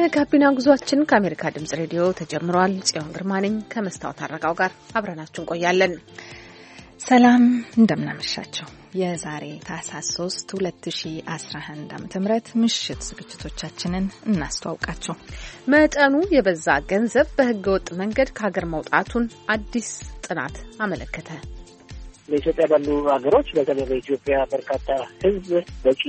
የጋቢና ጉዟችን ከአሜሪካ ድምጽ ሬዲዮ ተጀምሯል። ጽዮን ግርማ ነኝ ከመስታወት አረጋው ጋር አብረናችሁ እንቆያለን። ሰላም እንደምናመሻቸው የዛሬ ታህሳስ 3 2011 ም ምሽት ዝግጅቶቻችንን እናስተዋውቃቸው። መጠኑ የበዛ ገንዘብ በህገወጥ መንገድ ከሀገር መውጣቱን አዲስ ጥናት አመለከተ። በኢትዮጵያ ባሉ ሀገሮች በተለይ በኢትዮጵያ በርካታ ህዝብ በቂ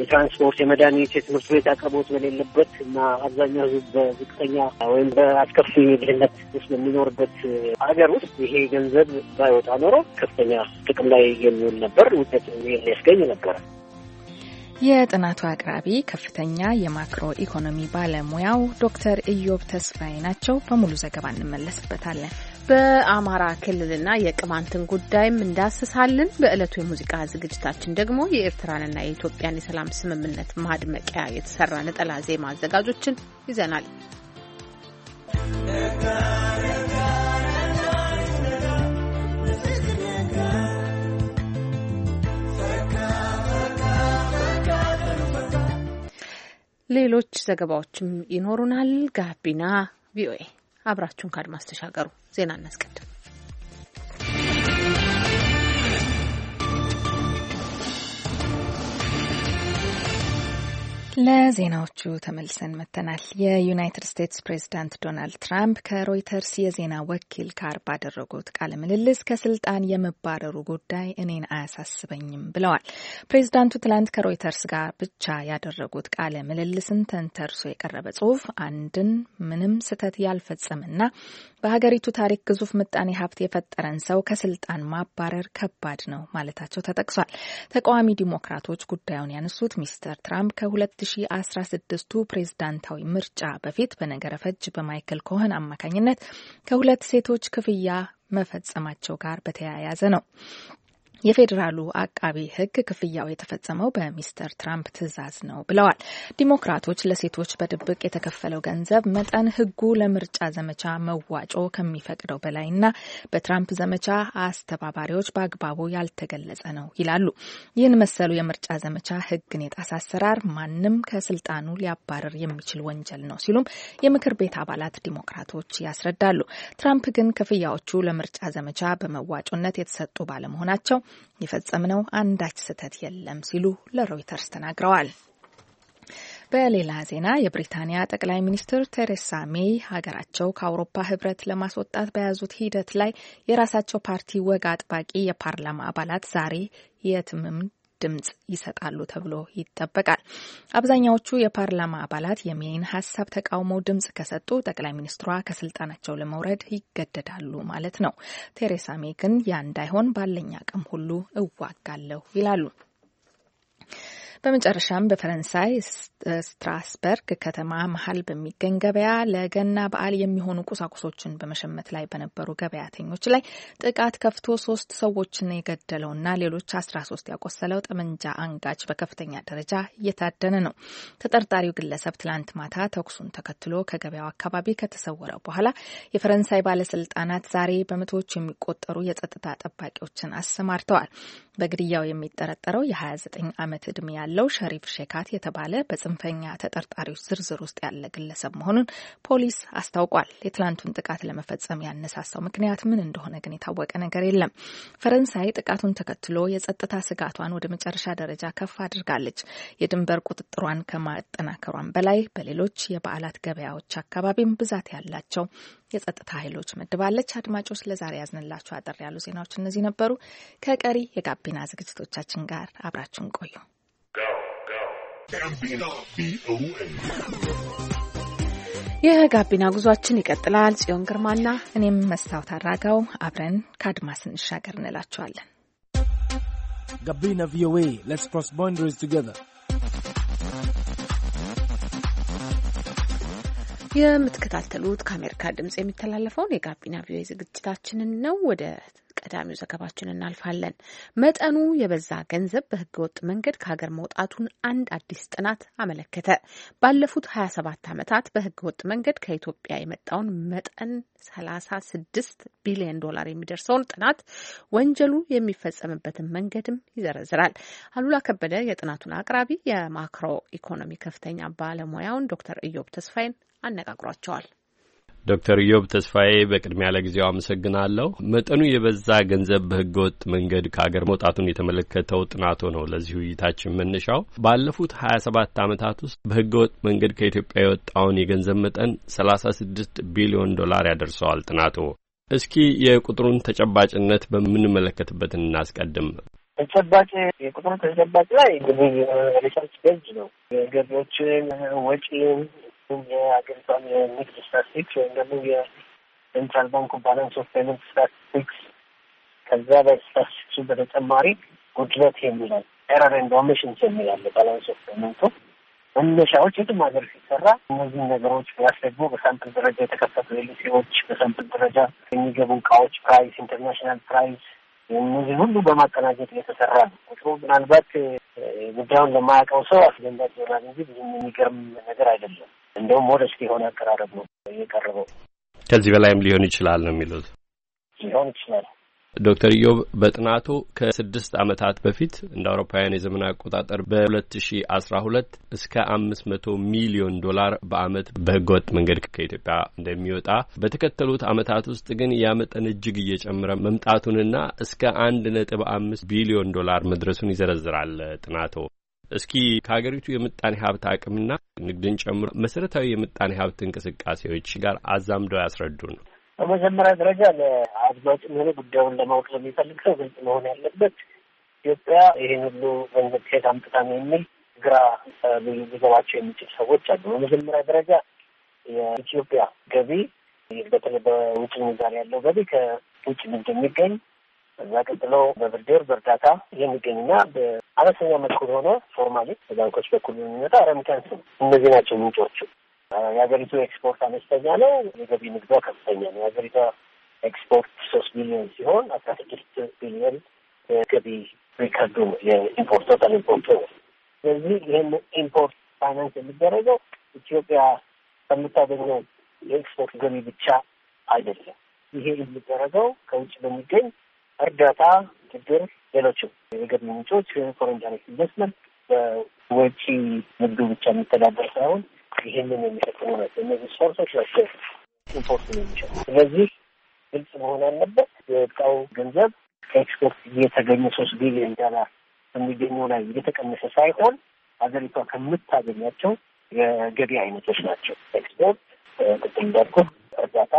የትራንስፖርት፣ የመድኃኒት፣ የትምህርት ቤት አቅርቦት በሌለበት እና አብዛኛው ህዝብ በዝቅተኛ ወይም በአስከፊ ድህነት ውስጥ በሚኖርበት ሀገር ውስጥ ይሄ ገንዘብ ባይወጣ ኖሮ ከፍተኛ ጥቅም ላይ የሚውል ነበር፣ ውጤት የሚያስገኝ ነበር። የጥናቱ አቅራቢ ከፍተኛ የማክሮ ኢኮኖሚ ባለሙያው ዶክተር ኢዮብ ተስፋዬ ናቸው። በሙሉ ዘገባ እንመለስበታለን። በአማራ ክልልና የቅማንትን ጉዳይም እንዳስሳልን። በዕለቱ የሙዚቃ ዝግጅታችን ደግሞ የኤርትራንና የኢትዮጵያን የሰላም ስምምነት ማድመቂያ የተሰራ ነጠላ ዜማ አዘጋጆችን ይዘናል። ሌሎች ዘገባዎችም ይኖሩናል። ጋቢና ቪኦኤ አብራችሁን ከአድማስ ተሻገሩ። ዜና እናስቀድም። ለዜናዎቹ ተመልሰን መጥተናል። የዩናይትድ ስቴትስ ፕሬዚዳንት ዶናልድ ትራምፕ ከሮይተርስ የዜና ወኪል ጋር ባደረጉት ቃለ ምልልስ ከስልጣን የመባረሩ ጉዳይ እኔን አያሳስበኝም ብለዋል። ፕሬዚዳንቱ ትላንት ከሮይተርስ ጋር ብቻ ያደረጉት ቃለ ምልልስን ተንተርሶ የቀረበ ጽሁፍ አንድን ምንም ስህተት ያልፈጸመና በሀገሪቱ ታሪክ ግዙፍ ምጣኔ ሀብት የፈጠረን ሰው ከስልጣን ማባረር ከባድ ነው ማለታቸው ተጠቅሷል። ተቃዋሚ ዲሞክራቶች ጉዳዩን ያነሱት ሚስተር ትራምፕ ከ2016ቱ ፕሬዝዳንታዊ ምርጫ በፊት በነገረ ፈጅ በማይክል ኮህን አማካኝነት ከሁለት ሴቶች ክፍያ መፈጸማቸው ጋር በተያያዘ ነው። የፌዴራሉ አቃቤ ሕግ ክፍያው የተፈጸመው በሚስተር ትራምፕ ትዕዛዝ ነው ብለዋል። ዲሞክራቶች ለሴቶች በድብቅ የተከፈለው ገንዘብ መጠን ሕጉ ለምርጫ ዘመቻ መዋጮ ከሚፈቅደው በላይና በትራምፕ ዘመቻ አስተባባሪዎች በአግባቡ ያልተገለጸ ነው ይላሉ። ይህን መሰሉ የምርጫ ዘመቻ ሕግን የጣሰ አሰራር ማንም ከስልጣኑ ሊያባረር የሚችል ወንጀል ነው ሲሉም የምክር ቤት አባላት ዲሞክራቶች ያስረዳሉ። ትራምፕ ግን ክፍያዎቹ ለምርጫ ዘመቻ በመዋጮነት የተሰጡ ባለመሆናቸው የፈጸምነው አንዳች ስህተት የለም ሲሉ ለሮይተርስ ተናግረዋል። በሌላ ዜና የብሪታንያ ጠቅላይ ሚኒስትር ቴሬሳ ሜይ ሀገራቸው ከአውሮፓ ህብረት ለማስወጣት በያዙት ሂደት ላይ የራሳቸው ፓርቲ ወግ አጥባቂ የፓርላማ አባላት ዛሬ የትምምድ ድምጽ ይሰጣሉ ተብሎ ይጠበቃል። አብዛኛዎቹ የፓርላማ አባላት የሜይን ሀሳብ ተቃውመው ድምጽ ከሰጡ ጠቅላይ ሚኒስትሯ ከስልጣናቸው ለመውረድ ይገደዳሉ ማለት ነው። ቴሬሳ ሜይ ግን ያ እንዳይሆን ባለኝ አቅም ሁሉ እዋጋለሁ ይላሉ። በመጨረሻም በፈረንሳይ ስትራስበርግ ከተማ መሀል በሚገኝ ገበያ ለገና በዓል የሚሆኑ ቁሳቁሶችን በመሸመት ላይ በነበሩ ገበያተኞች ላይ ጥቃት ከፍቶ ሶስት ሰዎችን የገደለውና ሌሎች አስራ ሶስት ያቆሰለው ጠመንጃ አንጋች በከፍተኛ ደረጃ እየታደነ ነው። ተጠርጣሪው ግለሰብ ትላንት ማታ ተኩሱን ተከትሎ ከገበያው አካባቢ ከተሰወረ በኋላ የፈረንሳይ ባለስልጣናት ዛሬ በመቶዎች የሚቆጠሩ የጸጥታ ጠባቂዎችን አሰማርተዋል። በግድያው የሚጠረጠረው የ29 ዓመት ዕድሜ ያለ ያለው ሸሪፍ ሼካት የተባለ በጽንፈኛ ተጠርጣሪዎች ዝርዝር ውስጥ ያለ ግለሰብ መሆኑን ፖሊስ አስታውቋል። የትላንቱን ጥቃት ለመፈጸም ያነሳሳው ምክንያት ምን እንደሆነ ግን የታወቀ ነገር የለም። ፈረንሳይ ጥቃቱን ተከትሎ የጸጥታ ስጋቷን ወደ መጨረሻ ደረጃ ከፍ አድርጋለች። የድንበር ቁጥጥሯን ከማጠናከሯን በላይ በሌሎች የበዓላት ገበያዎች አካባቢም ብዛት ያላቸው የጸጥታ ኃይሎች መድባለች። አድማጮች ለዛሬ ያዝንላችሁ አጠር ያሉ ዜናዎች እነዚህ ነበሩ። ከቀሪ የጋቢና ዝግጅቶቻችን ጋር አብራችሁን ቆዩ። የጋቢና ጉዟችን ይቀጥላል። ጽዮን ግርማና እኔም መስታወት አራጋው አብረን ከአድማስ እንሻገር እንላቸዋለን። ጋቢና ቪኦኤ ሌትስ ክሮስ ቦንደሪስ ቱጌዘር የምትከታተሉት ከአሜሪካ ድምጽ የሚተላለፈውን የጋቢና ቪኦኤ ዝግጅታችንን ነው። ወደ ቀዳሚው ዘገባችን እናልፋለን። መጠኑ የበዛ ገንዘብ በህገወጥ መንገድ ከሀገር መውጣቱን አንድ አዲስ ጥናት አመለከተ። ባለፉት 27 ዓመታት በህገወጥ መንገድ ከኢትዮጵያ የመጣውን መጠን 36 ቢሊዮን ዶላር የሚደርሰውን ጥናት ወንጀሉ የሚፈጸምበትን መንገድም ይዘረዝራል። አሉላ ከበደ የጥናቱን አቅራቢ የማክሮ ኢኮኖሚ ከፍተኛ ባለሙያውን ዶክተር ኢዮብ ተስፋይን አነጋግሯቸዋል። ዶክተር ኢዮብ ተስፋዬ በቅድሚያ ለጊዜው አመሰግናለሁ። መጠኑ የበዛ ገንዘብ በህገ ወጥ መንገድ ከሀገር መውጣቱን የተመለከተው ጥናቶ ነው ለዚህ ውይይታችን መነሻው። ባለፉት ሀያ ሰባት ዓመታት ውስጥ በህገ ወጥ መንገድ ከኢትዮጵያ የወጣውን የገንዘብ መጠን ሰላሳ ስድስት ቢሊዮን ዶላር ያደርሰዋል ጥናቶ። እስኪ የቁጥሩን ተጨባጭነት በምንመለከትበት እናስቀድም። ተጨባጭ የቁጥሩ ተጨባጭ ላይ እንግዲህ ሪሰርች ገዝ ነው የገቢዎችን ወጪን የሀገሪቷን የንግድ ስታትስቲክስ ወይም ደግሞ የሴንትራል ባንኩ ባላንስ ኦፍ ፔመንት ስታትስቲክስ ከዛ በስታትስቲክሱ በተጨማሪ ጉድለት የሚላል ኤረር ኤንድ ኦሚሽንስ የሚላል ባላንስ ኦፍ ፔመንቱ መነሻዎች የትም ሀገር ሲሰራ እነዚህ ነገሮች ፕላስ ደግሞ በሳምፕል ደረጃ የተከፈቱ ኤልሲዎች፣ በሳምፕል ደረጃ የሚገቡ እቃዎች ፕራይስ፣ ኢንተርናሽናል ፕራይስ እነዚህ ሁሉ በማቀናጀት እየተሰራ ነው። ቁጥሩ ምናልባት ጉዳዩን ለማያውቀው ሰው አስደንጋጭ ይሆናል እንጂ ብዙም የሚገርም ነገር አይደለም። እንደውም ሞደስት የሆነ አቀራረብ ነው የቀረበው። ከዚህ በላይም ሊሆን ይችላል ነው የሚሉት። ሊሆን ይችላል። ዶክተር ኢዮብ በጥናቱ ከስድስት ዓመታት በፊት እንደ አውሮፓውያን የዘመን አቆጣጠር በ2012 እስከ 500 ሚሊዮን ዶላር በዓመት በህገወጥ መንገድ ከኢትዮጵያ እንደሚወጣ በተከተሉት ዓመታት ውስጥ ግን ያ መጠን እጅግ እየጨመረ መምጣቱንና እስከ አንድ ነጥብ አምስት ቢሊዮን ዶላር መድረሱን ይዘረዝራል ጥናቶ። እስኪ ከሀገሪቱ የምጣኔ ሀብት አቅምና ንግድን ጨምሮ መሰረታዊ የምጣኔ ሀብት እንቅስቃሴዎች ጋር አዛምደው ያስረዱ ነው። በመጀመሪያ ደረጃ ለአድማጭ የሚሆነ ጉዳዩን ለማወቅ ለሚፈልግ ሰው ግልጽ መሆን ያለበት ኢትዮጵያ ይህን ሁሉ ገንዘብ ከየት አምጥታ ነው የሚል ግራ ብዙ ሊገባቸው የሚችል ሰዎች አሉ። በመጀመሪያ ደረጃ የኢትዮጵያ ገቢ በተለይ በውጭ ምንዛሪ ያለው ገቢ ከውጭ ንግድ የሚገኝ እዛ ቀጥሎ በብድር በእርዳታ የሚገኝና በአነስተኛ መልኩ ሆነ ፎርማሊ በባንኮች በኩል የሚመጣ ረሚታንስ ነው። እነዚህ ናቸው ምንጮቹ። የሀገሪቱ ኤክስፖርት አነስተኛ ነው። የገቢ ንግዷ ከፍተኛ ነው። የሀገሪቷ ኤክስፖርት ሶስት ቢሊዮን ሲሆን አስራ ስድስት ቢሊዮን የገቢ ሪከርዱ ነው። የኢምፖርት ቶታል ኢምፖርቱ ነው። ስለዚህ ይህን ኢምፖርት ፋይናንስ የሚደረገው ኢትዮጵያ ከምታገኘው የኤክስፖርት ገቢ ብቻ አይደለም። ይሄ የሚደረገው ከውጭ በሚገኝ እርዳታ፣ ብድር፣ ሌሎችም የገቢ ምንጮች ፎሬን ዳይሬክት ኢንቨስትመንት በወጪ ንግዱ ብቻ የሚተዳደር ሳይሆን ይህንን የሚሸጥሙ ናቸው። እነዚህ ሶርሶች ናቸው ኢምፖርት የሚሸጥ ስለዚህ ግልጽ መሆን ያለበት የወጣው ገንዘብ ከኤክስፖርት እየተገኘ ሶስት ቢሊዮን ዶላር የሚገኘው ላይ የተቀነሰ ሳይሆን ሀገሪቷ ከምታገኛቸው የገቢ አይነቶች ናቸው። ኤክስፖርት ቅድም እንዳልኩ እርዳታ፣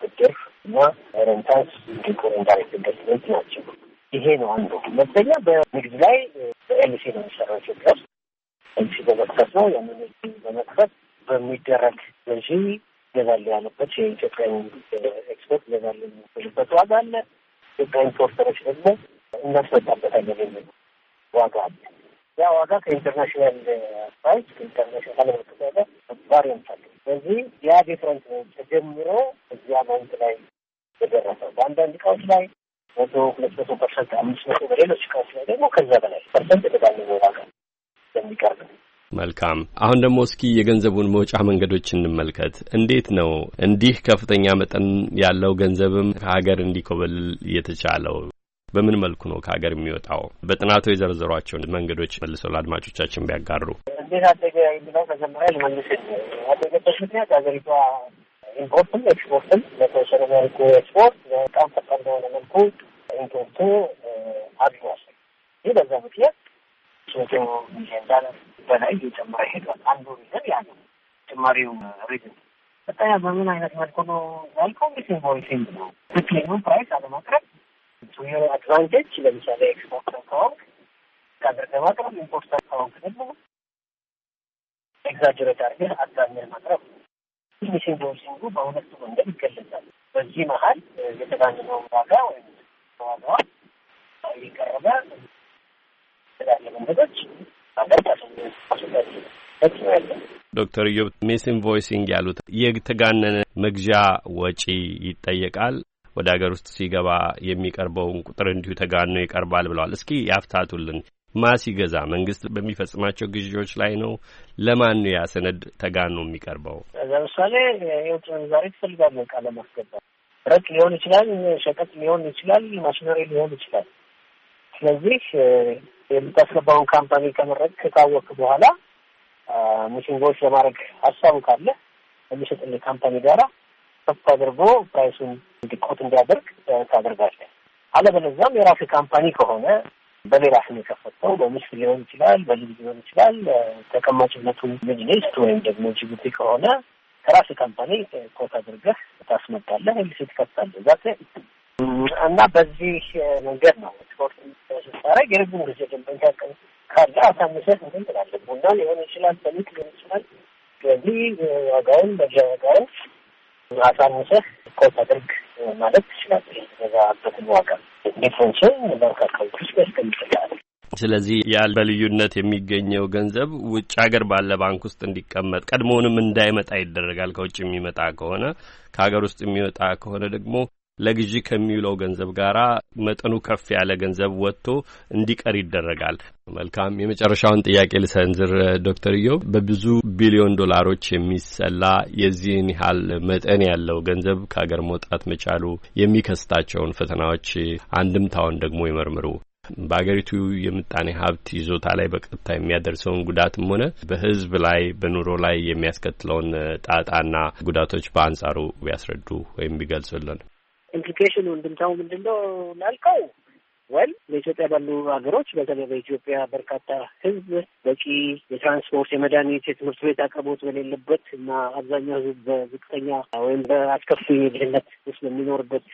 ብድር እና ሬንታንስ ዲኮሬንዳሪ ትምህርት ናቸው። ይሄ ነው አንዱ። ሁለተኛ በንግድ ላይ በኤልሲ ነው የሚሰራው ኢትዮጵያ ውስጥ ኤልሲ በመክፈት ነው። ያንን በመክፈት በሚደረግ ገዢ ገዛል ያለበት የኢትዮጵያን ኤክስፖርት ገዛል የሚልበት ዋጋ አለ። ኢትዮጵያ ኢምፖርተሮች ደግሞ እናስመጣበታለን የሚል ዋጋ አለ። ያ ዋጋ ከኢንተርናሽናል ፕራይስ ከኢንተርናሽናል መጠጠለ ባሪያንት አለ። ስለዚህ ያ ዲፍረንት ነው ተጀምሮ እዚያ ባንክ ላይ የደረሰው በአንዳንድ እቃዎች ላይ መቶ ሁለት መቶ ፐርሰንት አምስት መቶ በሌሎች እቃዎች ላይ ደግሞ ከዛ በላይ ፐርሰንት የተጋነነ ዋጋ የሚቀርብ ነው። መልካም አሁን ደግሞ እስኪ የገንዘቡን መውጫ መንገዶች እንመልከት። እንዴት ነው እንዲህ ከፍተኛ መጠን ያለው ገንዘብም ከሀገር እንዲኮበልል የተቻለው? በምን መልኩ ነው ከሀገር የሚወጣው? በጥናቱ የዘረዘሯቸውን መንገዶች መልሰው ለአድማጮቻችን ቢያጋሩ። እንዴት አደገ የሚለው መጀመሪያ ለመንግስት አደገበት ምክንያት ሀገሪቷ ኢምፖርትም ኤክስፖርትም በተወሰነ መልኩ ኤክስፖርት በጣም ፈጣን በሆነ መልኩ ኢምፖርቱ አድጓል። ይህ በዛ ምክንያት ሶቶ ሚሊዮን ዳር በላይ እየጨመረ ሄዷል። አንዱ ሪዝን ያ ነው። ጭማሪው ሪዝን በጣም በምን አይነት መልኩ ነው ያልከው? ሚስ ኢንቮይሲንግ ነው። ትክክለኛውን ፕራይስ አለማቅረብ ቱዮ አድቫንቴጅ ለምሳሌ ኤክስፖርት ከሆንክ ከአገር ለማቅረብ ኢምፖርት ከሆንክ ደግሞ ኤግዛጀሬት አድርገህ አዛሜር ማቅረብ ነው ትንሽ ዶሲንጉ በሁለቱ መንገድ ይገለጻል። በዚህ መሀል የተጋነነው ዋጋ ወይም ዋጋዋ እየቀረበ ተዳለ መንገዶች ዶክተር ዮብ ሚስ ኢንቮይሲንግ ያሉት የተጋነነ መግዣ ወጪ ይጠየቃል፣ ወደ ሀገር ውስጥ ሲገባ የሚቀርበውን ቁጥር እንዲሁ ተጋኖ ይቀርባል ብለዋል። እስኪ ያፍታቱልን ማሲገዛ መንግስት በሚፈጽማቸው ግዢዎች ላይ ነው። ለማን ነው ያ ሰነድ ተጋኖ የሚቀርበው? ለምሳሌ የውጭ ምንዛሬ ትፈልጋለህ ዕቃ ለማስገባት ረቅ ሊሆን ይችላል፣ ሸቀጥ ሊሆን ይችላል፣ ማሽነሪ ሊሆን ይችላል። ስለዚህ የምታስገባውን ካምፓኒ ከመረቅ ከታወቅ በኋላ ሙሽንጎች ለማድረግ ሀሳቡ ካለ የሚሸጥልህ ካምፓኒ ጋራ ከፍ አድርጎ ፕራይሱን እንዲቆት እንዲያደርግ ታደርጋለህ። አለበለዚያም የራስህ ካምፓኒ ከሆነ በሌላ ስሜት ተፈተው በሚስት ሊሆን ይችላል፣ በልጅ ሊሆን ይችላል። ተቀማጭነቱ ሚኒስት ወይም ደግሞ ጅቡቲ ከሆነ ከራስ ካምፓኒ ኮት አድርገህ ታስመጣለህ፣ ኤምሲ ትከፍታለህ እዛ እና በዚህ መንገድ ነው ስፖርት ስታረግ የረጅም ጊዜ ደንበኛ ቀን ካለ አሳምሰ ምን ቡና ሊሆን ይችላል፣ በሊት ሊሆን ይችላል። ስለዚህ ዋጋውን በዚያ ዋጋውን አሳምሰህ ኮት አድርግ ማለት ትችላለህ። በዛበትን ዋጋ ዲፍረንሱን በመካከል ውስጥ ስለዚህ ያ በልዩነት የሚገኘው ገንዘብ ውጭ ሀገር ባለ ባንክ ውስጥ እንዲቀመጥ ቀድሞውንም እንዳይመጣ ይደረጋል። ከውጭ የሚመጣ ከሆነ ከሀገር ውስጥ የሚወጣ ከሆነ ደግሞ ለግዢ ከሚውለው ገንዘብ ጋር መጠኑ ከፍ ያለ ገንዘብ ወጥቶ እንዲቀር ይደረጋል። መልካም የመጨረሻውን ጥያቄ ልሰንዝር። ዶክተር ኢዮብ በብዙ ቢሊዮን ዶላሮች የሚሰላ የዚህን ያህል መጠን ያለው ገንዘብ ከሀገር መውጣት መቻሉ የሚከስታቸውን ፈተናዎች አንድምታውን ደግሞ ይመርምሩ። በአገሪቱ የምጣኔ ሀብት ይዞታ ላይ በቀጥታ የሚያደርሰውን ጉዳትም ሆነ በሕዝብ ላይ በኑሮ ላይ የሚያስከትለውን ጣጣና ጉዳቶች በአንጻሩ ቢያስረዱ ወይም ቢገልጹልን። ኢምፕሊኬሽን እንድምታው ምንድን ነው ላልከው ወል በኢትዮጵያ ባሉ ሀገሮች በተለይ በኢትዮጵያ በርካታ ህዝብ በቂ የትራንስፖርት፣ የመድኃኒት፣ የትምህርት ቤት አቅርቦት በሌለበት እና አብዛኛው ህዝብ በዝቅተኛ ወይም በአስከፊ ድህነት ውስጥ በሚኖርበት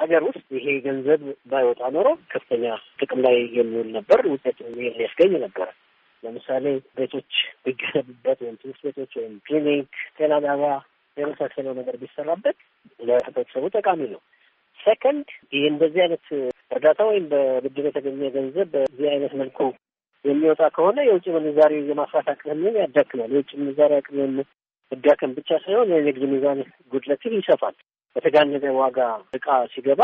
ሀገር ውስጥ ይሄ ገንዘብ ባይወጣ ኖሮ ከፍተኛ ጥቅም ላይ የሚውል ነበር፣ ውጤት ሊያስገኝ ነበረ። ለምሳሌ ቤቶች ቢገነቡበት ወይም ትምህርት ቤቶች ወይም ክሊኒክ፣ ጤና ጣቢያ የመሳሰለው ነገር ቢሰራበት ለህብረተሰቡ ጠቃሚ ነው። ሴከንድ ይህ እንደዚህ አይነት እርዳታ ወይም በብድር የተገኘ ገንዘብ በዚህ አይነት መልኩ የሚወጣ ከሆነ የውጭ ምንዛሬ የማስፋት አቅምን ያዳክማል። የውጭ ምንዛሬ አቅምን መዳከም ብቻ ሳይሆን የንግድ ሚዛን ጉድለትን ይሰፋል። በተጋነዘ ዋጋ እቃ ሲገባ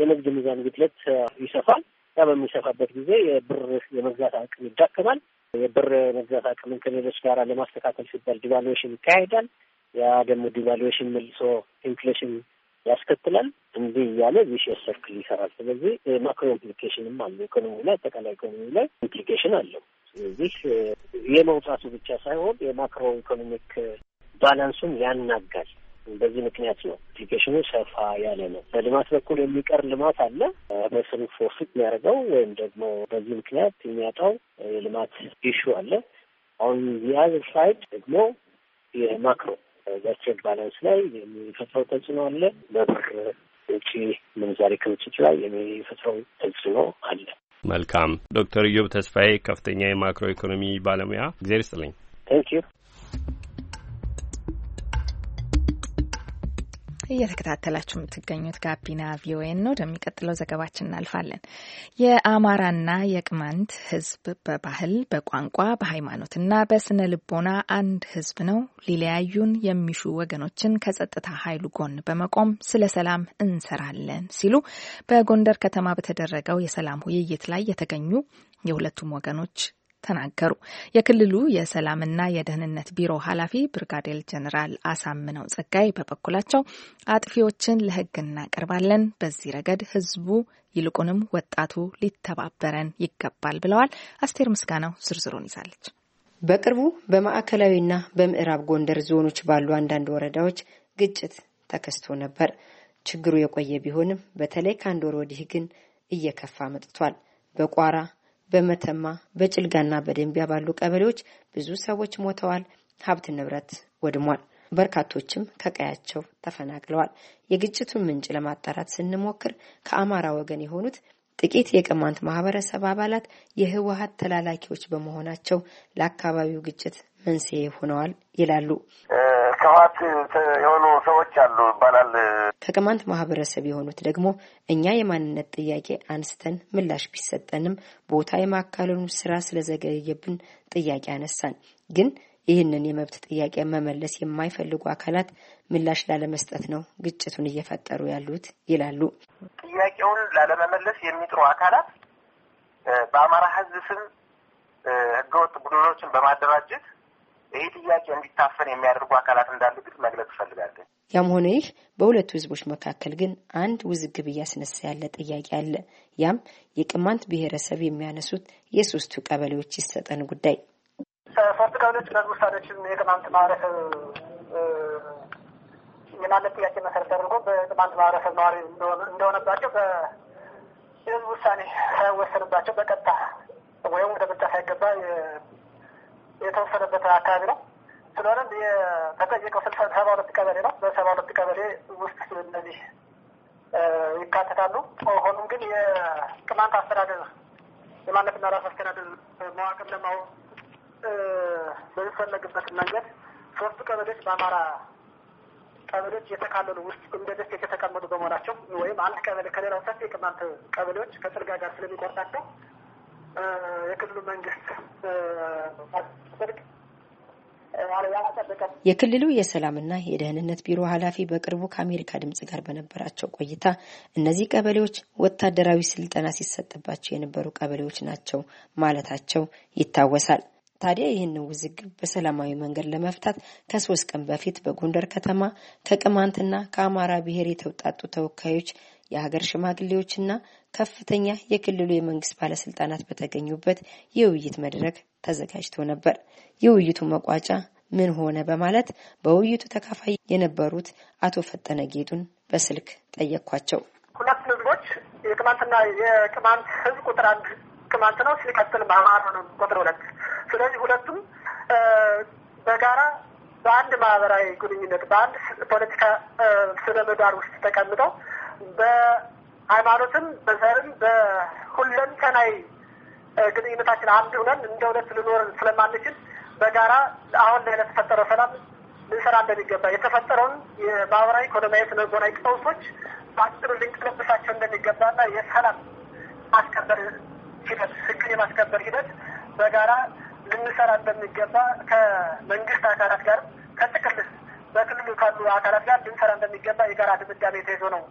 የንግድ ሚዛን ጉድለት ይሰፋል። ያ በሚሰፋበት ጊዜ የብር የመግዛት አቅም ይዳከማል። የብር መግዛት አቅምን ከሌሎች ጋር ለማስተካከል ሲባል ዲቫሉዌሽን ይካሄዳል። ያ ደግሞ ዲቫሉዌሽን መልሶ ኢንፍሌሽን ያስከትላል። እንዲህ እያለ ቪሽየስ ሰርክል ይሰራል። ስለዚህ ማክሮ ኢምፕሊኬሽንም አለው ኢኮኖሚ ላይ አጠቃላይ ኢኮኖሚ ላይ ኢምፕሊኬሽን አለው። ስለዚህ የመውጣቱ ብቻ ሳይሆን የማክሮ ኢኮኖሚክ ባላንሱን ያናጋል። በዚህ ምክንያት ነው ኢምፕሊኬሽኑ ሰፋ ያለ ነው። በልማት በኩል የሚቀር ልማት አለ መስሩ ፎርፊት የሚያደርገው ወይም ደግሞ በዚህ ምክንያት የሚያጣው የልማት ኢሹ አለ። አሁን የአዘር ሳይድ ደግሞ የማክሮ ቨርቹዋል ባላንስ ላይ የሚፈጥረው ተጽዕኖ አለ። በብር ውጭ ምንዛሪ ክምችት ላይ የሚፈጥረው ተጽዕኖ አለ። መልካም ዶክተር ኢዮብ ተስፋዬ ከፍተኛ የማክሮ ኢኮኖሚ ባለሙያ፣ እግዜር ይስጥልኝ። ታንኪዩ እየተከታተላችሁ የምትገኙት ጋቢና ቪኦኤ ነው። ወደሚቀጥለው ዘገባችን እናልፋለን። የአማራና የቅማንት ህዝብ በባህል በቋንቋ፣ በሃይማኖትና በስነ ልቦና አንድ ህዝብ ነው። ሊለያዩን የሚሹ ወገኖችን ከጸጥታ ኃይሉ ጎን በመቆም ስለ ሰላም እንሰራለን ሲሉ በጎንደር ከተማ በተደረገው የሰላም ውይይት ላይ የተገኙ የሁለቱም ወገኖች ተናገሩ። የክልሉ የሰላምና የደህንነት ቢሮ ኃላፊ ብርጋዴር ጀኔራል አሳምነው ጸጋይ በበኩላቸው አጥፊዎችን ለሕግ እናቀርባለን፣ በዚህ ረገድ ህዝቡ ይልቁንም ወጣቱ ሊተባበረን ይገባል ብለዋል። አስቴር ምስጋናው ዝርዝሩን ይዛለች። በቅርቡ በማዕከላዊና በምዕራብ ጎንደር ዞኖች ባሉ አንዳንድ ወረዳዎች ግጭት ተከስቶ ነበር። ችግሩ የቆየ ቢሆንም በተለይ ከአንድ ወር ወዲህ ግን እየከፋ መጥቷል። በቋራ በመተማ በጭልጋና በደንቢያ ባሉ ቀበሌዎች ብዙ ሰዎች ሞተዋል። ሀብት ንብረት ወድሟል። በርካቶችም ከቀያቸው ተፈናቅለዋል። የግጭቱን ምንጭ ለማጣራት ስንሞክር ከአማራ ወገን የሆኑት ጥቂት የቅማንት ማህበረሰብ አባላት የህወሀት ተላላኪዎች በመሆናቸው ለአካባቢው ግጭት መንስኤ ሆነዋል ይላሉ። ከዋት የሆኑ ሰዎች አሉ ይባላል። ከቅማንት ማህበረሰብ የሆኑት ደግሞ እኛ የማንነት ጥያቄ አንስተን ምላሽ ቢሰጠንም ቦታ የማካለሉ ስራ ስለዘገየብን ጥያቄ አነሳን። ግን ይህንን የመብት ጥያቄ መመለስ የማይፈልጉ አካላት ምላሽ ላለመስጠት ነው ግጭቱን እየፈጠሩ ያሉት ይላሉ። ጥያቄውን ላለመመለስ የሚጥሩ አካላት በአማራ ህዝብ ስም ህገወጥ ቡድኖችን በማደራጀት ይህ ጥያቄ እንዲታፈን የሚያደርጉ አካላት እንዳሉ ግን መግለጽ እፈልጋለሁ። ያም ሆነ ይህ በሁለቱ ህዝቦች መካከል ግን አንድ ውዝግብ እያስነሳ ያለ ጥያቄ አለ። ያም የቅማንት ብሔረሰብ የሚያነሱት የሶስቱ ቀበሌዎች ይሰጠን ጉዳይ። ሶስት ቀበሌዎች ሁለት ውሳኔዎችም የቅማንት ማህበረሰብ የማንነት ጥያቄ መሰረት ተደርጎ በቅማንት ማህበረሰብ ነዋሪ እንደሆነባቸው በህዝብ ውሳኔ ሳይወሰንባቸው በቀጥታ ወይም ወደ ምርጫ ሳይገባ የተወሰነበት አካባቢ ነው። ስለሆነም የተጠየቀው ስልሳ ሰባ ሁለት ቀበሌ ነው። በሰባ ሁለት ቀበሌ ውስጥ እነዚህ ይካተታሉ። ሆኖም ግን የቅማንት አስተዳደር የማነትና ራስ አስተዳደር መዋቅር ለማወቅ በሚፈለግበት መንገድ ሶስቱ ቀበሌዎች በአማራ ቀበሌዎች የተካለሉ ውስጥ እንደ ደሴት የተቀመጡ በመሆናቸው ወይም አንድ ቀበሌ ከሌላው ሰፊ የቅማንት ቀበሌዎች ከጽልጋ ጋር ስለሚቆርጣቸው የክልሉ መንግስት የክልሉ የሰላምና የደህንነት ቢሮ ኃላፊ በቅርቡ ከአሜሪካ ድምጽ ጋር በነበራቸው ቆይታ እነዚህ ቀበሌዎች ወታደራዊ ስልጠና ሲሰጥባቸው የነበሩ ቀበሌዎች ናቸው ማለታቸው ይታወሳል። ታዲያ ይህንን ውዝግብ በሰላማዊ መንገድ ለመፍታት ከሶስት ቀን በፊት በጎንደር ከተማ ከቅማንትና ከአማራ ብሔር የተውጣጡ ተወካዮች የሀገር ሽማግሌዎችና ከፍተኛ የክልሉ የመንግስት ባለስልጣናት በተገኙበት የውይይት መድረክ ተዘጋጅቶ ነበር። የውይይቱ መቋጫ ምን ሆነ በማለት በውይይቱ ተካፋይ የነበሩት አቶ ፈጠነ ጌጡን በስልክ ጠየኳቸው። ሁለት ህዝቦች የቅማንትና የቅማንት ህዝብ ቁጥር አንድ ቅማንት ነው፣ ሲቀጥል በአማር ነው ቁጥር ሁለት። ስለዚህ ሁለቱም በጋራ በአንድ ማህበራዊ ግንኙነት በአንድ ፖለቲካ ስነ ምህዳር ውስጥ ተቀምጠው ሃይማኖትም በዘርም በሁለንተናዊ ግንኙነታችን አንድ ሁነን እንደ ሁለት ልኖር ስለማንችል በጋራ አሁን ላይ ለተፈጠረው ሰላም ልንሰራ እንደሚገባ የተፈጠረውን የማህበራዊ ኢኮኖሚያዊ፣ ስነጎናዊ ቀውሶች በአጭሩ ልንቀለብሳቸው እንደሚገባና የሰላም ማስከበር ሂደት ህግን የማስከበር ሂደት በጋራ ልንሰራ እንደሚገባ ከመንግስት አካላት ጋር ከጥቅል በክልሉ ካሉ አካላት ጋር ልንሰራ እንደሚገባ የጋራ ድምዳሜ ተይዞ ነው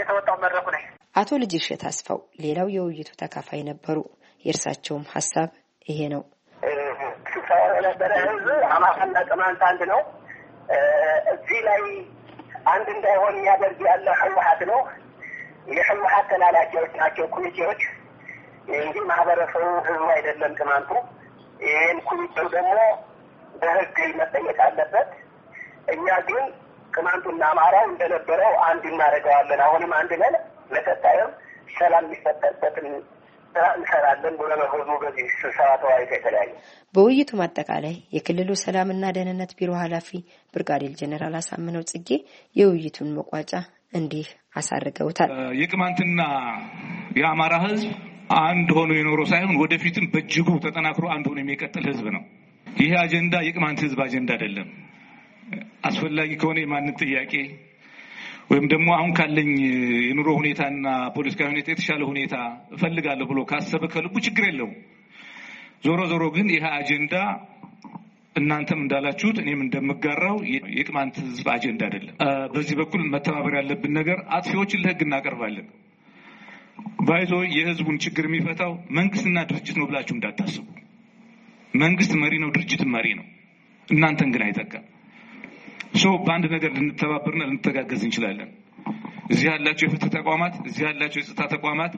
የተወጣው መድረኩ ላይ አቶ ልጅሽ ታስፈው ሌላው የውይይቱ ተካፋይ ነበሩ። የእርሳቸውም ሀሳብ ይሄ ነው። ነበረ የነበረ ህዝብ አማራና ቅማንት አንድ ነው። እዚህ ላይ አንድ እንዳይሆን የሚያደርግ ያለ ህወሀት ነው። የህወሀት ተላላኪዎች ናቸው ኮሚቴዎች እንጂ ማህበረሰቡ ህዝቡ አይደለም ቅማንቱ። ይህን ኮሚቴው ደግሞ በህግ መጠየቅ አለበት። እኛ ግን ቅማንቱና አማራው እንደነበረው አንድ እናደርገዋለን። አሁንም አንድ ነን፣ ለቀጣዩም ሰላም የሚፈጠርበትን ስራ እንሰራለን በዚህ ስብሰባ የተለያዩ በውይይቱ ማጠቃላይ የክልሉ ሰላምና ደህንነት ቢሮ ኃላፊ ብርጋዴር ጀኔራል አሳምነው ጽጌ የውይይቱን መቋጫ እንዲህ አሳርገውታል። የቅማንትና የአማራ ህዝብ አንድ ሆኖ የኖሮ ሳይሆን ወደፊትም በእጅጉ ተጠናክሮ አንድ ሆኖ የሚቀጥል ህዝብ ነው። ይሄ አጀንዳ የቅማንት ህዝብ አጀንዳ አይደለም። አስፈላጊ ከሆነ የማንን ጥያቄ ወይም ደግሞ አሁን ካለኝ የኑሮ ሁኔታና ፖለቲካዊ ሁኔታ የተሻለ ሁኔታ እፈልጋለሁ ብሎ ካሰበ ከልቡ ችግር የለውም። ዞሮ ዞሮ ግን ይህ አጀንዳ እናንተም እንዳላችሁት እኔም እንደምጋራው የቅማንት ሕዝብ አጀንዳ አይደለም። በዚህ በኩል መተባበር ያለብን ነገር አጥፊዎችን ለሕግ እናቀርባለን። ባይዞ የሕዝቡን ችግር የሚፈታው መንግስትና ድርጅት ነው ብላችሁ እንዳታስቡ። መንግስት መሪ ነው፣ ድርጅት መሪ ነው። እናንተን ግን አይጠቀም በአንድ ነገር ልንተባበርና ልንተጋገዝ እንችላለን። እዚህ ያላቸው የፍትህ ተቋማት፣ እዚህ ያላቸው የጸጥታ ተቋማት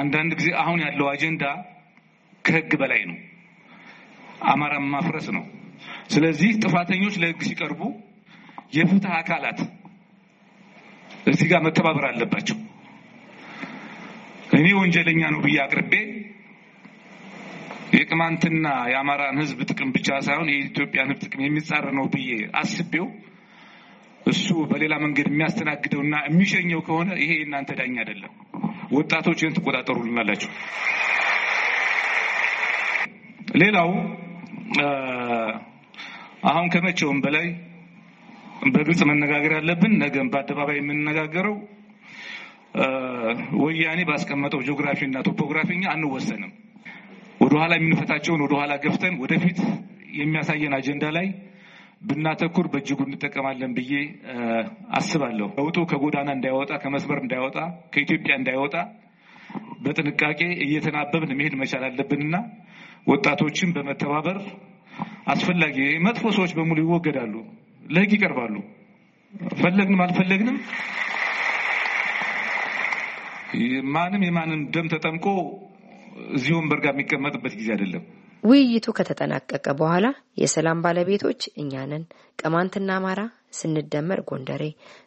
አንዳንድ ጊዜ አሁን ያለው አጀንዳ ከህግ በላይ ነው። አማራን ማፍረስ ነው። ስለዚህ ጥፋተኞች ለህግ ሲቀርቡ የፍትህ አካላት እዚህ ጋር መተባበር አለባቸው። እኔ ወንጀለኛ ነው ብዬ አቅርቤ የቅማንትና የአማራን ህዝብ ጥቅም ብቻ ሳይሆን የኢትዮጵያን ህዝብ ጥቅም የሚጻረ ነው ብዬ አስቤው እሱ በሌላ መንገድ የሚያስተናግደውና የሚሸኘው ከሆነ ይሄ እናንተ ዳኛ አይደለም። ይህን ትቆጣጠሩልናላችሁ። ሌላው አሁን ከመቼውም በላይ በግልጽ መነጋገር ያለብን ነገም በአደባባይ የምንነጋገረው ወያኔ ባስቀመጠው ጂኦግራፊ እና ቶፖግራፊ እኛ አንወሰንም። ወደኋላ የምንፈታቸውን ወደኋላ ገፍተን ወደፊት የሚያሳየን አጀንዳ ላይ ብናተኩር በእጅጉ እንጠቀማለን ብዬ አስባለሁ። ለውጡ ከጎዳና እንዳይወጣ፣ ከመስመር እንዳይወጣ፣ ከኢትዮጵያ እንዳይወጣ በጥንቃቄ እየተናበብን መሄድ መቻል አለብንና ወጣቶችን በመተባበር አስፈላጊ መጥፎ ሰዎች በሙሉ ይወገዳሉ፣ ለህግ ይቀርባሉ። ፈለግንም አልፈለግንም ማንም የማንም ደም ተጠምቆ እዚህ ወንበር ጋር የሚቀመጥበት ጊዜ አይደለም። ውይይቱ ከተጠናቀቀ በኋላ የሰላም ባለቤቶች እኛንን ቀማንትና ቅማንትና አማራ ስንደመር ጎንደሬ፣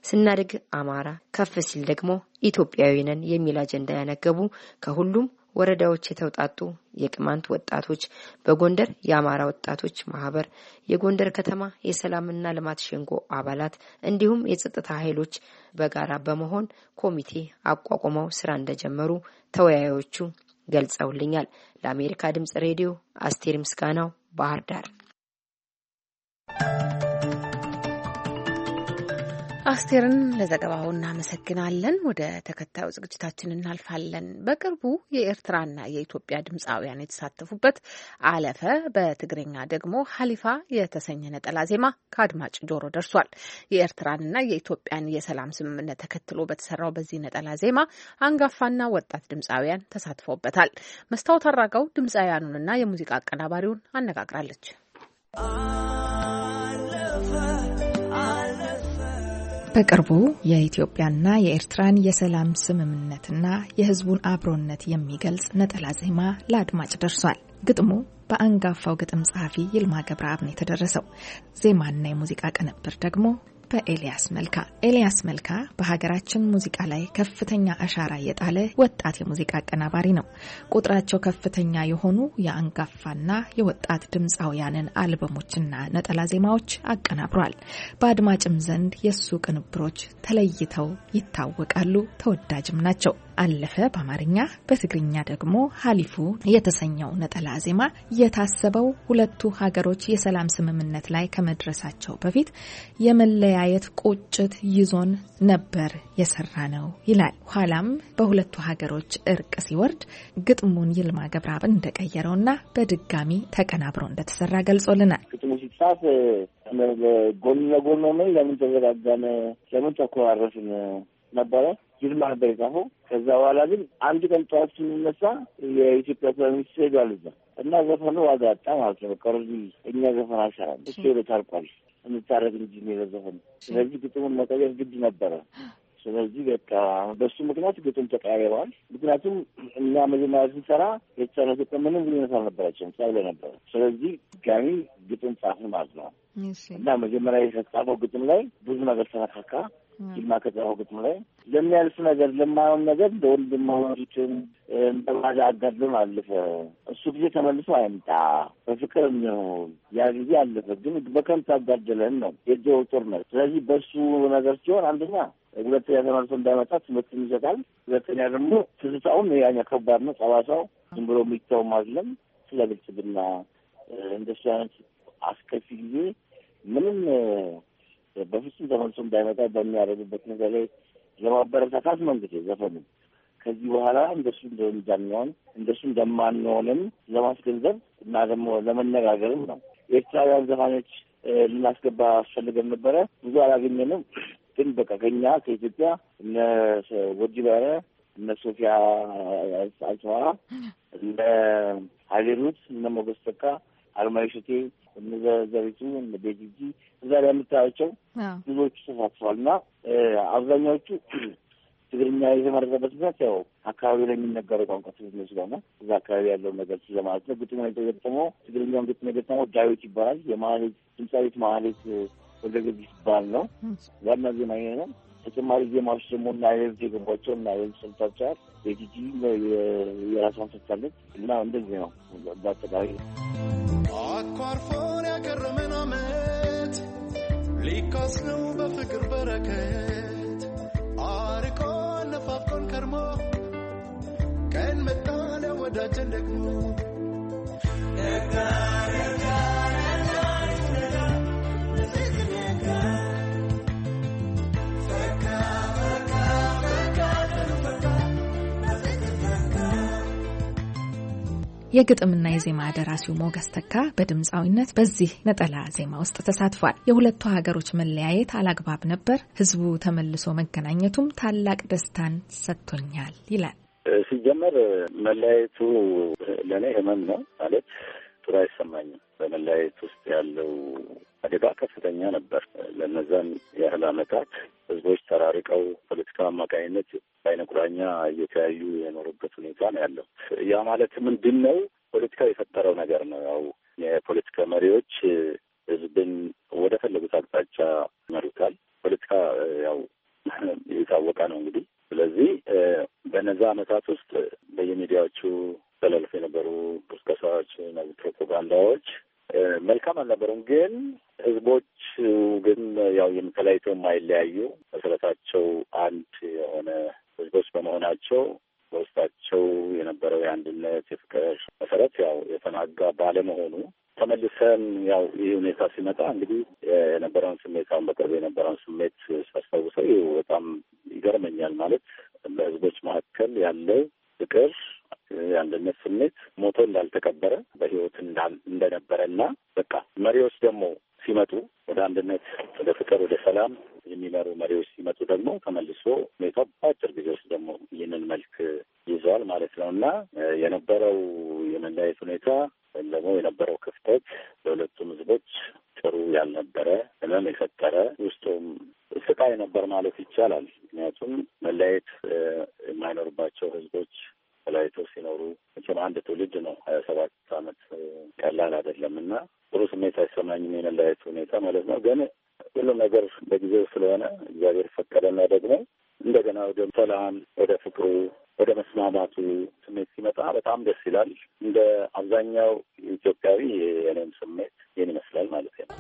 ስናድግ አማራ፣ ከፍ ሲል ደግሞ ኢትዮጵያዊንን የሚል አጀንዳ ያነገቡ ከሁሉም ወረዳዎች የተውጣጡ የቅማንት ወጣቶች በጎንደር የአማራ ወጣቶች ማህበር፣ የጎንደር ከተማ የሰላምና ልማት ሸንጎ አባላት እንዲሁም የጸጥታ ኃይሎች በጋራ በመሆን ኮሚቴ አቋቁመው ስራ እንደጀመሩ ተወያዮቹ ገልጸውልኛል። ለአሜሪካ ድምጽ ሬዲዮ አስቴር ምስጋናው ባህር ዳር አስቴርን ለዘገባው እናመሰግናለን። ወደ ተከታዩ ዝግጅታችን እናልፋለን። በቅርቡ የኤርትራና የኢትዮጵያ ድምፃውያን የተሳተፉበት አለፈ በትግርኛ ደግሞ ሀሊፋ የተሰኘ ነጠላ ዜማ ከአድማጭ ጆሮ ደርሷል። የኤርትራንና የኢትዮጵያን የሰላም ስምምነት ተከትሎ በተሰራው በዚህ ነጠላ ዜማ አንጋፋና ወጣት ድምፃውያን ተሳትፈውበታል። መስታወት አራጋው ድምፃውያኑንና የሙዚቃ አቀናባሪውን አነጋግራለች። አለፈ በቅርቡ የኢትዮጵያና የኤርትራን የሰላም ስምምነትና የሕዝቡን አብሮነት የሚገልጽ ነጠላ ዜማ ለአድማጭ ደርሷል። ግጥሙ በአንጋፋው ግጥም ጸሐፊ ይልማ ገብረአብ ነው የተደረሰው። ዜማና የሙዚቃ ቅንብር ደግሞ በኤልያስ መልካ። ኤልያስ መልካ በሀገራችን ሙዚቃ ላይ ከፍተኛ አሻራ የጣለ ወጣት የሙዚቃ አቀናባሪ ነው። ቁጥራቸው ከፍተኛ የሆኑ የአንጋፋና የወጣት ድምፃውያንን አልበሞችና ነጠላ ዜማዎች አቀናብሯል። በአድማጭም ዘንድ የሱ ቅንብሮች ተለይተው ይታወቃሉ፣ ተወዳጅም ናቸው። አለፈ በአማርኛ በትግርኛ ደግሞ ሀሊፉ የተሰኘው ነጠላ ዜማ የታሰበው ሁለቱ ሀገሮች የሰላም ስምምነት ላይ ከመድረሳቸው በፊት የመለያየት ቁጭት ይዞን ነበር የሰራ ነው ይላል። ኋላም በሁለቱ ሀገሮች እርቅ ሲወርድ ግጥሙን ይልማ ገብረአብ እንደቀየረውና በድጋሚ ተቀናብሮ እንደተሰራ ገልጾልናል። ግጥሙ ሲጻፍ ጎን ለጎን ሆነን ለምን ተዘጋጋን፣ ለምን ተኮራረፍን ነበረ ጅልማ ነበር የጻፈው። ከዛ በኋላ ግን አንድ ቀን ጠዋት ስንነሳ የኢትዮጵያ ጠቅላይ ሚኒስትር ሄዷል እዛ እና ዘፈኑ ዋጋ አጣ ማለት ነው። በቃ እኛ ዘፈን አልሰራም፣ እሱ ሄዶ ታርቋል። እንታረግ እንጂ የሚለው ዘፈን ስለዚህ ግጥሙን መቀየር ግድ ነበረ። ስለዚህ በቃ በሱ ምክንያት ግጥም ተቀያይረዋል። ምክንያቱም እኛ መጀመሪያ ስንሰራ የተሰነ ግጥም ምንም ግንኙነት አልነበራቸውም ሳይለ ነበረ። ስለዚህ ጋሚ ግጥም ጻፍን ማለት ነው እና መጀመሪያ የተጻፈው ግጥም ላይ ብዙ ነገር ተነካካ። ጅማ ከጨራሁ ግጥም ላይ ለሚያልፍ ነገር ለማየውን ነገር እንደ ወንድማ ወንዶችን እንደማዛ አጋድሎን አለፈ። እሱ ጊዜ ተመልሶ አይምጣ በፍቅር የሚሆን ያ ጊዜ አለፈ። ግን በከንቱ አጋደለን ነው የጆሮ ጦርነት። ስለዚህ በእሱ ነገር ሲሆን አንደኛ ሁለተኛ ተመልሶ እንዳይመጣ ትምህርትን ይሰጣል። ሁለተኛ ደግሞ ትዝታውን ያኛ ከባድ ነው። ጠባሳው ዝም ብሎ የሚተው ማለም ስለ ብልጽግና እንደሱ አይነት አስከፊ ጊዜ ምንም በፍጹም ተመልሶ እንዳይመጣ በሚያደርጉበት ነገር ላይ ለማበረታታት ነው እንግዲህ ዘፈኑ ከዚህ በኋላ እንደሱ እንደሚሆን እንደሱ እንደማንሆንም ለማስገንዘብ እና ደግሞ ለመነጋገርም ነው። ኤርትራውያን ዘፋኞች ልናስገባ አስፈልገን ነበረ። ብዙ አላገኘንም፣ ግን በቃ ከኛ ከኢትዮጵያ እነ ወዲ ባረ፣ እነ ሶፊያ አልተዋ፣ እነ ሀይሌሩት፣ እነ ሞገስ ተካ አልማይሽቴ እነ ዘሪቱ እነ ቤጂጂ እዛ ላይ የምታያቸው ብዙዎቹ ተሳትፏል እና አብዛኛዎቹ ትግርኛ የተመረጠበት ምክንያት ያው አካባቢ ላይ የሚነገረው ቋንቋ ትግርኛ ስለሆነ እዛ አካባቢ ያለው ነገር ስለማለት ነው። ግጥሙ የተገጠመው ትግርኛውን ግጥም የገጠመው ዳዊት ይባላል። የማህሌት ድምፃዊት ማህሌት ወልደ ጊዮርጊስ ይባል ነው። ዋና ዜማ ይሄ ነው። ተጨማሪ ዜማዎች ደግሞ እና የህብ የገቧቸው እና የህብ ሰልታቸዋል። የጂጂ የራሷን ሰታለች እና እንደዚህ ነው በአጠቃላይ እኮ አርፎን ያከረመን አመት ሊካስ ነው በፍቅር በረከት አርቆን ነፋፍቆን ከርሞ ቀን መጣ ለወዳጅን ደግሞ የግጥምና የዜማ ደራሲው ሞገስ ተካ በድምፃዊነት በዚህ ነጠላ ዜማ ውስጥ ተሳትፏል። የሁለቱ ሀገሮች መለያየት አላግባብ ነበር፣ ህዝቡ ተመልሶ መገናኘቱም ታላቅ ደስታን ሰጥቶኛል ይላል። ሲጀመር መለያየቱ ለእኔ ህመም ነው ማለት ጥሩ አይሰማኝም። በመለያየት ውስጥ ያለው አደጋ ከፍተኛ ነበር። ለነዛን ያህል አመታት ህዝቦች ተራርቀው ፖለቲካ አማካኝነት በአይነ ቁራኛ እየተያዩ የኖሩበት ሁኔታ ነው ያለው። ያ ማለት ምንድን ነው? ፖለቲካ የፈጠረው ነገር ነው። ያው የፖለቲካ መሪዎች ህዝብን ወደ ፈለጉት አቅጣጫ ይመሩታል። ፖለቲካ ያው የታወቀ ነው እንግዲህ። ስለዚህ በነዛ አመታት ውስጥ በየሚዲያዎቹ ተላልፎ የነበሩ ቅስቀሳዎች፣ ፕሮፓጋንዳዎች መልካም አልነበረም። ግን ህዝቦች ግን ያው የምተለያይተው የማይለያዩ መሰረታቸው አንድ የሆነ ህዝቦች በመሆናቸው በውስጣቸው የነበረው የአንድነት የፍቅር መሰረት ያው የተናጋ ባለመሆኑ ተመልሰን ያው ይህ ሁኔታ ሲመጣ እንግዲህ የነበረውን ስሜት አሁን በቅርብ የነበረውን ስሜት ሳስታውሰው በጣም ይገርመኛል። ማለት በህዝቦች መካከል ያለው ፍቅር የአንድነት ስሜት ሞቶ እንዳልተቀበረ በህይወት እንደነበረ እና በቃ መሪዎች ደግሞ ሲመጡ ወደ አንድነት፣ ወደ ፍቅር፣ ወደ ሰላም የሚመሩ መሪዎች ሲመጡ ደግሞ ተመልሶ ሁኔታ በአጭር ጊዜ ውስጥ ደግሞ ይህንን መልክ ይዘዋል ማለት ነው እና የነበረው የመለያየት ሁኔታ ወይም ደግሞ የነበረው ክፍተት ለሁለቱም ህዝቦች ጥሩ ያልነበረ ህመም የፈጠረ ውስጡም ስቃይ ነበር ማለት ይቻላል። ምክንያቱም መለያየት የማይኖርባቸው ህዝቦች መቼም አንድ ትውልድ ነው። ሀያ ሰባት አመት ቀላል አይደለም እና ጥሩ ስሜት አይሰማኝም የመለያየት ሁኔታ ማለት ነው። ግን ሁሉ ነገር በጊዜው ስለሆነ እግዚአብሔር ፈቀደና ደግሞ እንደገና ወደ ሰላም፣ ወደ ፍቅሩ፣ ወደ መስማማቱ ስሜት ሲመጣ በጣም ደስ ይላል። እንደ አብዛኛው ኢትዮጵያዊ የእኔም ስሜት ይህን ይመስላል ማለት ነው።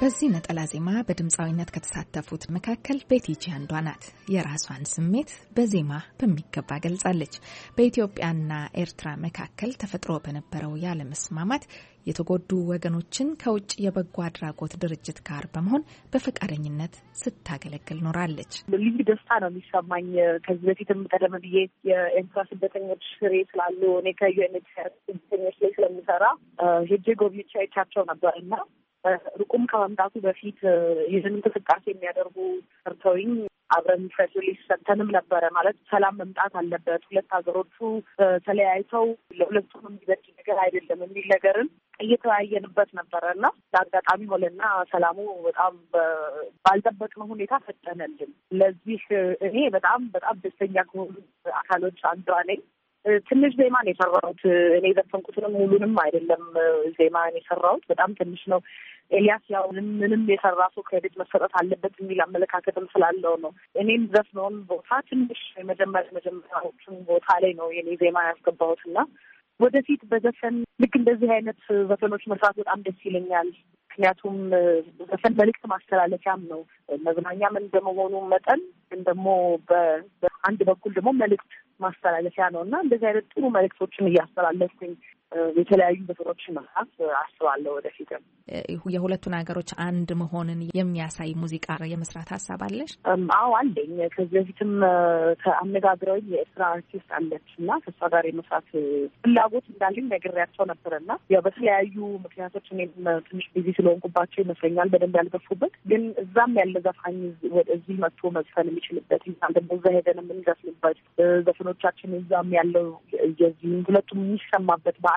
በዚህ ነጠላ ዜማ በድምፃዊነት ከተሳተፉት መካከል ቤቲጂ አንዷ ናት። የራሷን ስሜት በዜማ በሚገባ ገልጻለች። በኢትዮጵያና ኤርትራ መካከል ተፈጥሮ በነበረው ያለመስማማት የተጎዱ ወገኖችን ከውጭ የበጎ አድራጎት ድርጅት ጋር በመሆን በፈቃደኝነት ስታገለግል ኖራለች። ልዩ ደስታ ነው የሚሰማኝ። ከዚህ በፊትም ቀደም ብዬ የኤርትራ ስደተኞች ስሬ ስላሉ እኔ ከዩኤንኤችሲአር ስደተኞች ላይ ስለምሰራ ሄጄ ጎብኝቻ ይቻቸው ነበር እና ሩቁም ከመምጣቱ በፊት ይህን እንቅስቃሴ የሚያደርጉ ሰርተውኝ አብረን ፕሬስ ሪሊስ ሰጥተንም ነበረ። ማለት ሰላም መምጣት አለበት፣ ሁለት ሀገሮቹ ተለያይተው ለሁለቱም የሚበጅ ነገር አይደለም የሚል ነገርን እየተወያየንበት ነበረ እና ለአጋጣሚ ሆነና ሰላሙ በጣም ባልጠበቅነው ሁኔታ ፈጠነልን። ለዚህ እኔ በጣም በጣም ደስተኛ ከሆኑ አካሎች አንዷ ነኝ። ትንሽ ዜማ ነው የሰራሁት። እኔ የዘፈንኩትንም ሙሉንም አይደለም ዜማ የሰራሁት በጣም ትንሽ ነው። ኤልያስ ያው ምንም የሰራ ሰው ክሬዲት መሰጠት አለበት የሚል አመለካከትም ስላለው ነው። እኔም ዘፍነውን ቦታ ትንሽ የመጀመሪያ መጀመሪያዎቹን ቦታ ላይ ነው የኔ ዜማ ያስገባሁት እና ወደፊት በዘፈን ልክ እንደዚህ አይነት ዘፈኖች መስራት በጣም ደስ ይለኛል። ምክንያቱም ዘፈን መልክት ማስተላለፊያም ነው መዝናኛም እንደመሆኑ መጠን ግን ደግሞ በአንድ በኩል ደግሞ መልዕክት ማስተላለፊያ ነው እና እንደዚህ አይነት ጥሩ መልእክቶችን እያስተላለፍኩኝ የተለያዩ በሰሮችን መጽሐፍ አስባለሁ። ወደፊትም የሁለቱን ሀገሮች አንድ መሆንን የሚያሳይ ሙዚቃ የመስራት ሀሳብ አለሽ? አዎ አለኝ። ከዚህ በፊትም ከአነጋግረውኝ የኤርትራ አርቲስት አለች እና ከሷ ጋር የመስራት ፍላጎት እንዳለኝ ነግሬያቸው ነበር እና ያው በተለያዩ ምክንያቶች እኔም ትንሽ ቢዚ ስለሆንኩባቸው ይመስለኛል በደንብ ያልገፉበት፣ ግን እዛም ያለ ዘፋኝ ወደዚህ መጥቶ መዝፈን የሚችልበት ይዛል ደግሞ እዛ ሄደን የምንዘፍንበት ዘፈኖቻችን እዛም ያለው የዚህም ሁለቱም የሚሰማበት በአ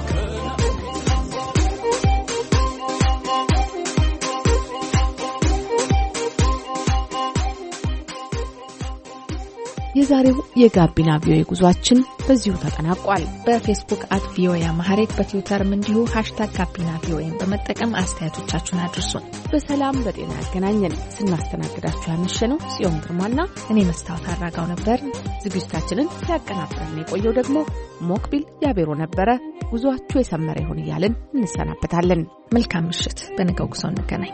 የዛሬው የጋቢና ቪኦኤ ጉዟችን በዚሁ ተጠናቋል። በፌስቡክ አት ቪኦኤ አማሐሬክ በትዊተርም እንዲሁ ሀሽታግ ጋቢና ቪኦኤን በመጠቀም አስተያየቶቻችሁን አድርሱን። በሰላም በጤና ያገናኘን። ስናስተናግዳችሁ ያመሸነው ጽዮን ግርማና እኔ መስታወት አራጋው ነበር። ዝግጅታችንን ሲያቀናብረን የቆየው ደግሞ ሞክቢል ያቤሮ ነበረ። ጉዟችሁ የሰመረ ይሁን እያልን እንሰናበታለን። መልካም ምሽት። በነገው ጉዞ እንገናኝ።